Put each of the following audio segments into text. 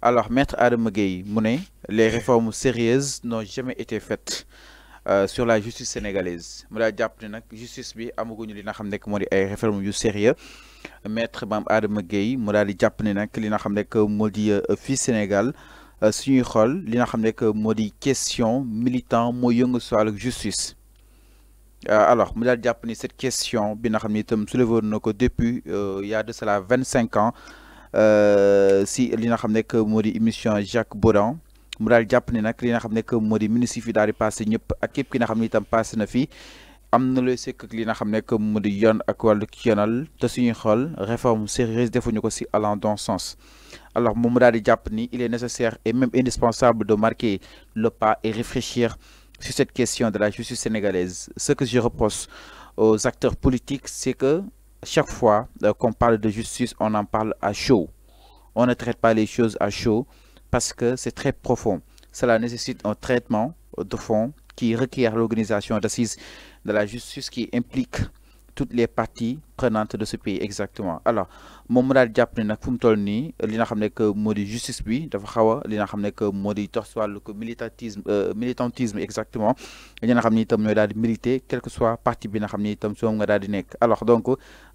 Alors, Maître Adam Mouné, les réformes sérieuses n'ont jamais été faites euh, sur la justice sénégalaise. Je dis la justice bi amaguñu li nga xam nekk ay sérieux Maître Mame Adama Gueye mu daal di jàpp ne li xam euh, Sénégal euh, suñuy xool li nga xam des moo question militant moyen yëngu si justice. alors mu daal cette question bi nga xam ne itam soulevé na depuis il y a de cela 25 ans. Euh, si li nga xam nekk émission Jacques Boran, mu daal jàpp ne nag li nga modi nekk moo di ministre fi daal passé ñëpp ak képp ki nga xamni ne passé na fi amna na sék ak li nga xam nekk moo ak wàllu yoonal te suñu xol réforme sérieuse defuñu ko si allant dans sens alors moom mu daal ni il est nécessaire et même indispensable de marquer le pas et réfléchir sur cette question de la justice sénégalaise ce que je reproche aux acteurs politiques c'est que chaque fois euh, qu'on parle de justice, on en parle à chaud. On ne traite pas les choses à chaud parce que c'est très profond. Cela nécessite un traitement euh, de fond qui requiert l'organisation d'assises de la justice qui implique toutes les parties prenantes de ce pays exactement alors mon mu daal n'a ne nag ni mu que modi justice bi dafa xaw li nga que modi di le militantisme euh, militantisme exactement il y en a itam ñooy militer quel que soit parti bi nga xam ne soom alors donc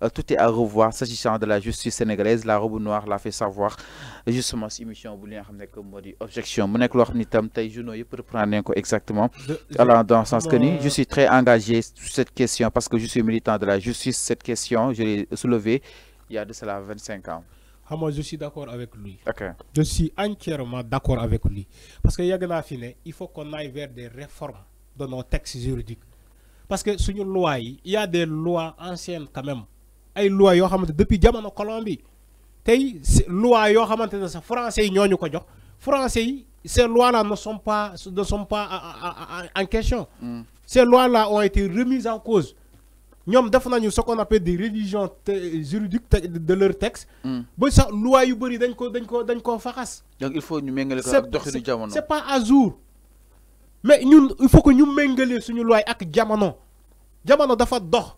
euh, tout est à revoir s'agissant de la justice sénégalaise la robe noire l'a fait savoir justement si émission Boulin a objection reprendre exactement alors dans le sens que je suis très engagé sur cette question parce que je suis militant de la justice cette question je l'ai soulevée il y a de cela vingt ans ah, moi je suis d'accord avec lui je suis entièrement d'accord avec lui parce que il faut qu'on aille vers des réformes de nos textes juridiques parce que une loi il y a des lois anciennes quand même ay loi yo xamante depuis jamono Colombie. tay loi yo xamante sa français ñoñu ko jox français yi ces lois là ne sont pas ne sont pas en question. Mm. ces lois là ont été remises en cause ñom def nañu ce qu'on appelle des révisions juridiques de leur texte. Mm. ba sax loi yu bari dañ ko dañ ko dañ ko faxas. donc il faut ñu méngale ko ak doxinu jamono. c'est pas à jour mais ñun il faut que ñu méngale suñu loi ak jamono jamono dafa dox.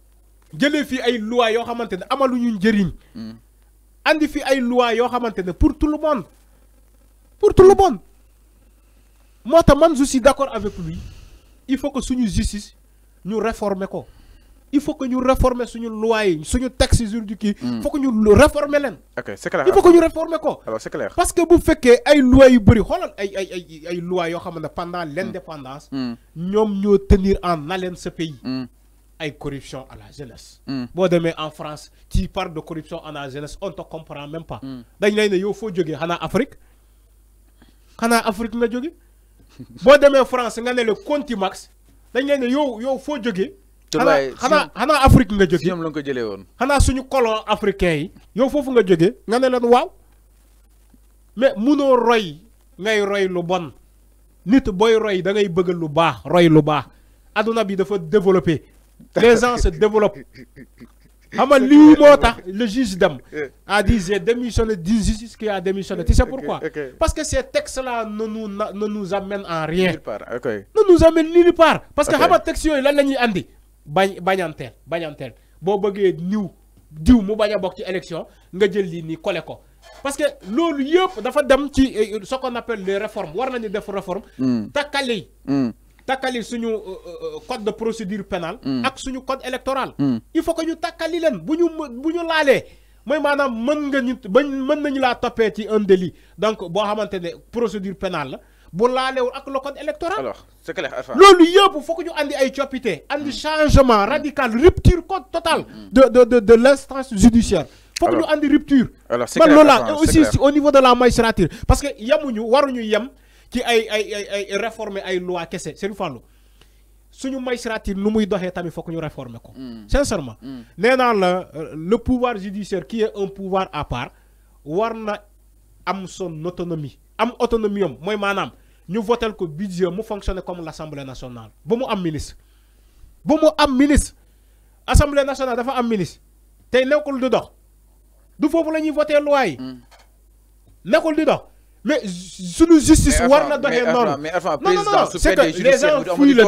jëlee fi ay loi yoo xamante ne amaluñu njëriñ. andi fi ay loi yo xamantene pour tout le monde pour tout le monde moo man je suis d'accord avec lui il faut que suñu justice ñu réformer ko il faut que ñu réformer suñu loi yi suñu texte juridique yi. il faut que ñu réformer leen. ok c'est clair il faut que ñu réformer ko. alors c'est clair parce que bu féké ay loi yu bëri xolal ay ay ay ay loi yo xam pendant mm. l'indépendance. ñoom ñoo tenir en haleine ce pays. Mm corruption à la jeunesse. Hmm. en France tu parles de corruption à la jeunesse on te comprend même pas. Hmm. dañ il faut Afrique Hana Afrique Bon demain France nga le Contimax max lay a yow yow foo Afrique nga la ko faux suñu colon africain a mais mon roy ngay roy lu bon nit Boy roy da ngay bëgg lu baax roy lu baax les gens se développent. le juge eh. a dit démissionné a démissionné tu sais pourquoi parce que ces textes là ne nous amènent en rien ne nous amènent nulle part parce que textes lan andi élection nga jël parce que euh, ce qu'on appelle les réformes war nañu def hmm takali suñu euh, euh, euh, code de procédure pénale mm. ak suñu code électoral mm. il faut que ñu takali leen bu buñu bu moy manam mooy mën nga ñu bañ mën nañu la topé ci un délit donc bo xamante procédure pénale bu lalé ak le code électoral alors c'est clair loolu yëpp foog ñu andi ay chopité andi mm. changement radical rupture code total de de de de l'instance judiciaire que ñu andi rupture alors c'est la aussi au niveau de la magistrature parce que yamuñu waruñu yem qui a réformé ay ay réformer ay loi Si nous Fallou suñu magistrat yi nu muy il faut que ñu réformer ko. Mm. sincèrement. Mm. nee euh, le pouvoir judiciaire qui est un pouvoir à part doit avoir son autonomie am autonomie moi mooy nous ñu que le budget mu fonctionner comme l'Assemblée nationale ba mu am ministre. ba mu am ministre L'Assemblée nationale dafa un ministre tey nekkul di dox du foofu la ñuy loi yi. pas mm. là dox mais suñu justice warna na doxee mais non président su fekkee judiciaire bi du amul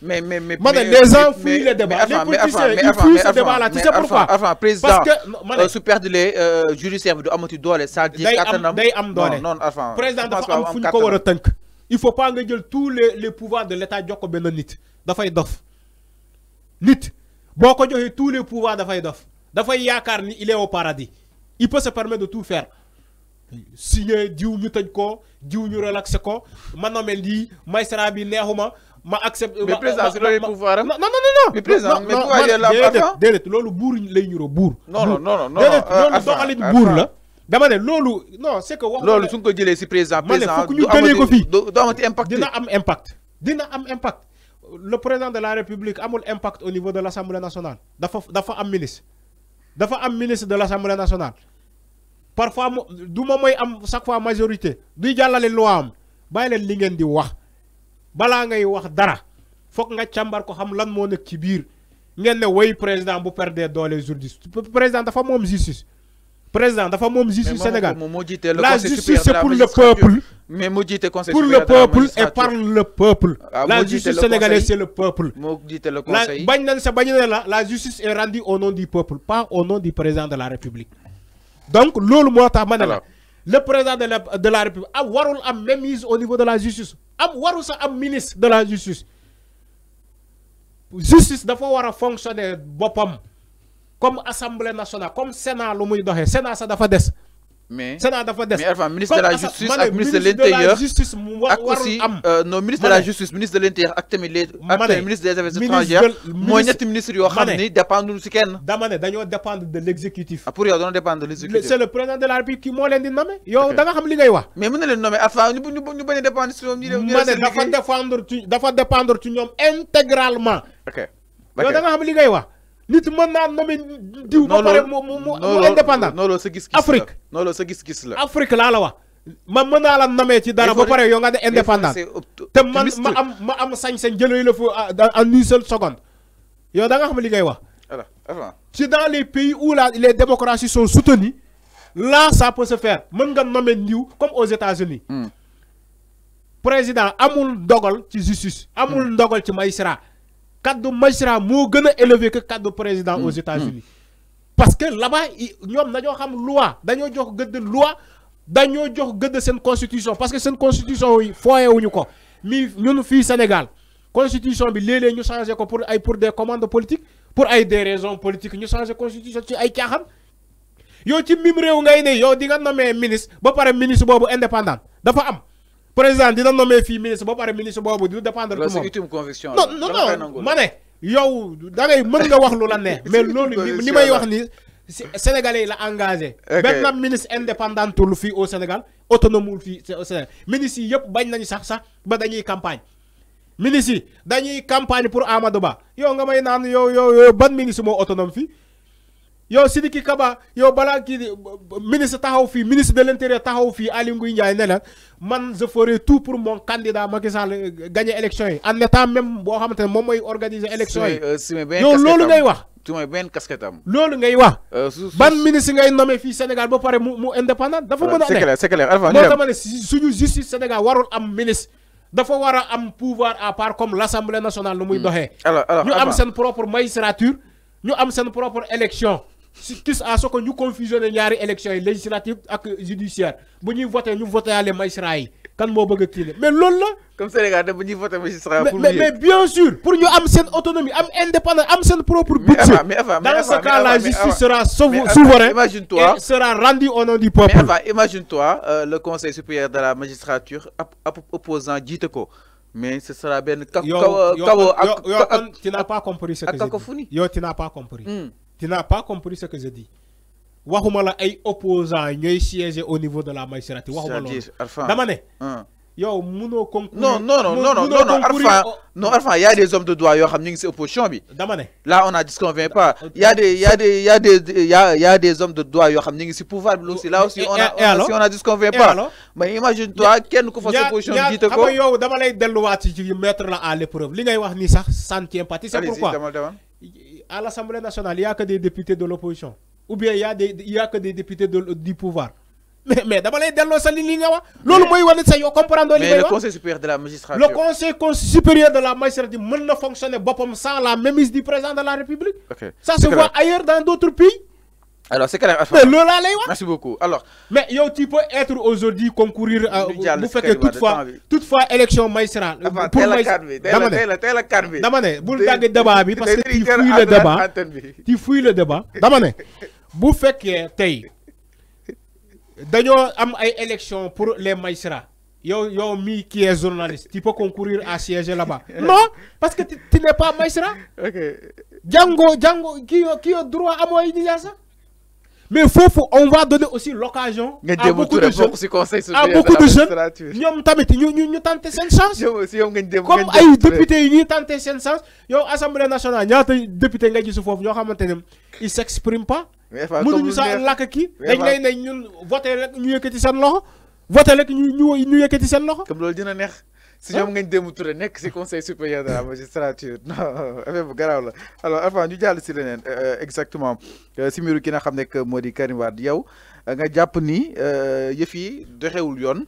mais mais mais mais les gens fuient le débat. les politiciens ils fuient ce débat là tu sais pourquoi. parce que ma ne euh, su perdulee euh, judiciaire bi du amati doole. c'est-à-dire kattanam day am non non président dafa am fu ñu ko war il faut pas nga jël tous les les pouvoirs de l'État jox ko nit da fay dof nit boko joxé tous les pouvoirs fay dof fay yakar ni il est au paradis il peut se permettre de tout faire signé diou ñu tëj ko diou ñu relaxé ko ma nous ma mais président le pouvoir. Hein? non non non mais président mais pouvoir lay non non non non non c'est que. wax le président de la république amul impact au niveau de l'assemblée nationale dafa dafa am ministre. dafa am ministre de l'assemblée nationale parfois du moom am chaque fois majorité duy jallale loi am bàyyi leen li ngeen di wax bala ngay wax dara foog nga chambar ko xam lan mo nek ci bir ngeen ne way président bu perdee doole justice président dafa mom justice président dafa mom justice Sénégal la justice c'est pour le peuple mais mo jiite conseil pour le peuple et par le peuple ah, la justice sénégalaise c'est le peuple bañ nañ sa bañ ne la la justice est rendue au nom du peuple pas au nom du président de la république donc loolu moo tax le président de la république a warul am au niveau de la justice am ministre de la justice justice dafa fonctionner comme assemblée nationale comme sénat lu muy sénat ça dafa des mais mais ministre de la euh, justice ministre de l'intérieur aussi ministre de la justice ministre de l'intérieur ministre des affaires étrangères ministre dépend ci de l'exécutif ah, pour dépendre de l'exécutif c'est le président de la qui mo le nommer da mais mën na nommer ñu ñu dépendre ci intégralement ok nit mën naa nommé diw. ba pare mu mu mu indépendant. non loolu sa gis-gis la Afrique. la. Afrique laa la wax. man mën naa la nommé ci dara ba pare yow nga ne te ma am ma am sañ-sañ jëlee la fa ah, en une seule seconde. yow da nga xam li ngay wax. ci dans les pays où la les démocraties sont soutenues là ça peut se faire mën nga nommer ndiw comme aux États-Unis hmm. président amul ndogal ci justice. amul hmm. ndogal ci magistrat. kaddu magistrat moo gën élevé que kaddu président aux mm-hmm. États-Unis parce que là-bas ñoom dañoo xam loi dañoo jox gëdd loi dañoo jox gëdd seen constitution parce que cette constitution yi fooyewuñu ko Nous, ñun fii Sénégal constitution bi léeg ñu changé ko pour pour des commandes politiques pour ay des raisons politiques ñu changé constitution ci ay caaxaan yo ci mim réew ngay ne yo di nga nommé ministre ba paré ministre bobu indépendant dafa am président dina nommé fii ministre ba pare ministre boobu du dépendre. tout moom conviction non non ma ne. yow da ngay mën nga wax lu la ne. mais loolu li may wax ni Sénégalais yi la engagé. benn na ministre indépendantul fii au Sénégal autonomewul fii au Sénégal ministres yi yëpp bañ nañu sax sax ba dañuy campagne. ministres yi dañuy campagne pour Amadou Ba yow nga may naan yow yow yow ban ministre moo autonome fii. Yo, Sidiki Kaba yo bala kii ministre taxaw fi ministre de l'intérieur taxaw fi Aly Ngouille Ndiaye man je ferai tout pour mon candidat Macky Sall euh, gagner élection yi en état même bo xamantene mom moy organiser élection yi. Euh, yow loolu ngay wax. tu moy ben casquette am. loolu ngay wax. Euh, ban ministre ngay nommé fi Sénégal ba paré mu indépendant. dafa mën c'est clair c'est clair Alpha moo dama ne suñu justice Sénégal warul am ministre. dafa war am pouvoir à part comme l'Assemblée nationale nu muy hmm. doxee. ñu am sen propre magistrature ñu am sen propre élection. Si à ce que ñu confusionné les élections yi législative ak judiciaire bu ñuy voté ñu voté yàlla magistrat yi kan moo bëgg mais loolu la. comme Sénégal da bu ñuy voter magistrat pour mais mais bien sûr pour nous am seen autonomie am indépendance am seen propre budget. mais dans ce cas la justice sera souveraine imagine et sera rendue au nom du peuple. mais Ava imagine toi euh, le conseil supérieur de la magistrature opposant dit ko. mais ce sera bien... tu n'as pas compris ce que j'ai dit tu n'as pas compris. Hmm tu n'as pas compris ce que j'ai dit. waxuma la ay opposants ñooy siéger au niveau de la magistrature waxuma loolu dama né. Yo mëno concourir non non non non non non Arfan non il y a des hommes de droit yo xam ñi ci opposition bi dama né. là on a disconvient pas. vient pas y a des il y a des il y a des y a y a des hommes de droit yo xam ñi ci pouvoir bi aussi là aussi on a si on a disconvient vient pas mais imagine toi kenn ku fa opposition bi quoi? ko Ya nga yow dama lay wat ci mettre la à l'épreuve li ngay wax ni sax ça ne c'est pourquoi à l'Assemblée nationale, il n'y a que des députés de l'opposition. Ou bien il n'y a, a que des députés du pouvoir. Mais, mais d'abord, il y a y comprendre. le Conseil supérieur de la magistrature. Le Conseil supérieur de la magistrature ne fonctionne pas comme ça, la même du président de la République. Ça se voit ailleurs dans d'autres pays. Alors, c'est quand même. Merci beaucoup. Alors. Mais tu peux être aujourd'hui concourir euh, à. toutefois. élection Pour le débat, parce tu fouilles le débat. Tu fouilles le débat. que am élection pour les Yo, yo, mi qui est journaliste, tu peux concourir à siéger là-bas. Non, parce que tu n'es pas Django, qui a droit à moi, il ça? mais faut, on va donner aussi l'occasion à beaucoup de jeunes à beaucoup de jeunes nous, tamit chance comme les députés, nous tenté chance nationale les députés, ne s'expriment pas Nous sa sommes là dañ lay ne voté rek ñu voté si ñoom ngañ Touré c'est le conseil supérieur de la magistrature non c'est bu garaaw la alors avant euh, euh, exactement euh, si mbiru ki nga que ne moo Vous, Karim Wade yow nga jàpp ni Réunion.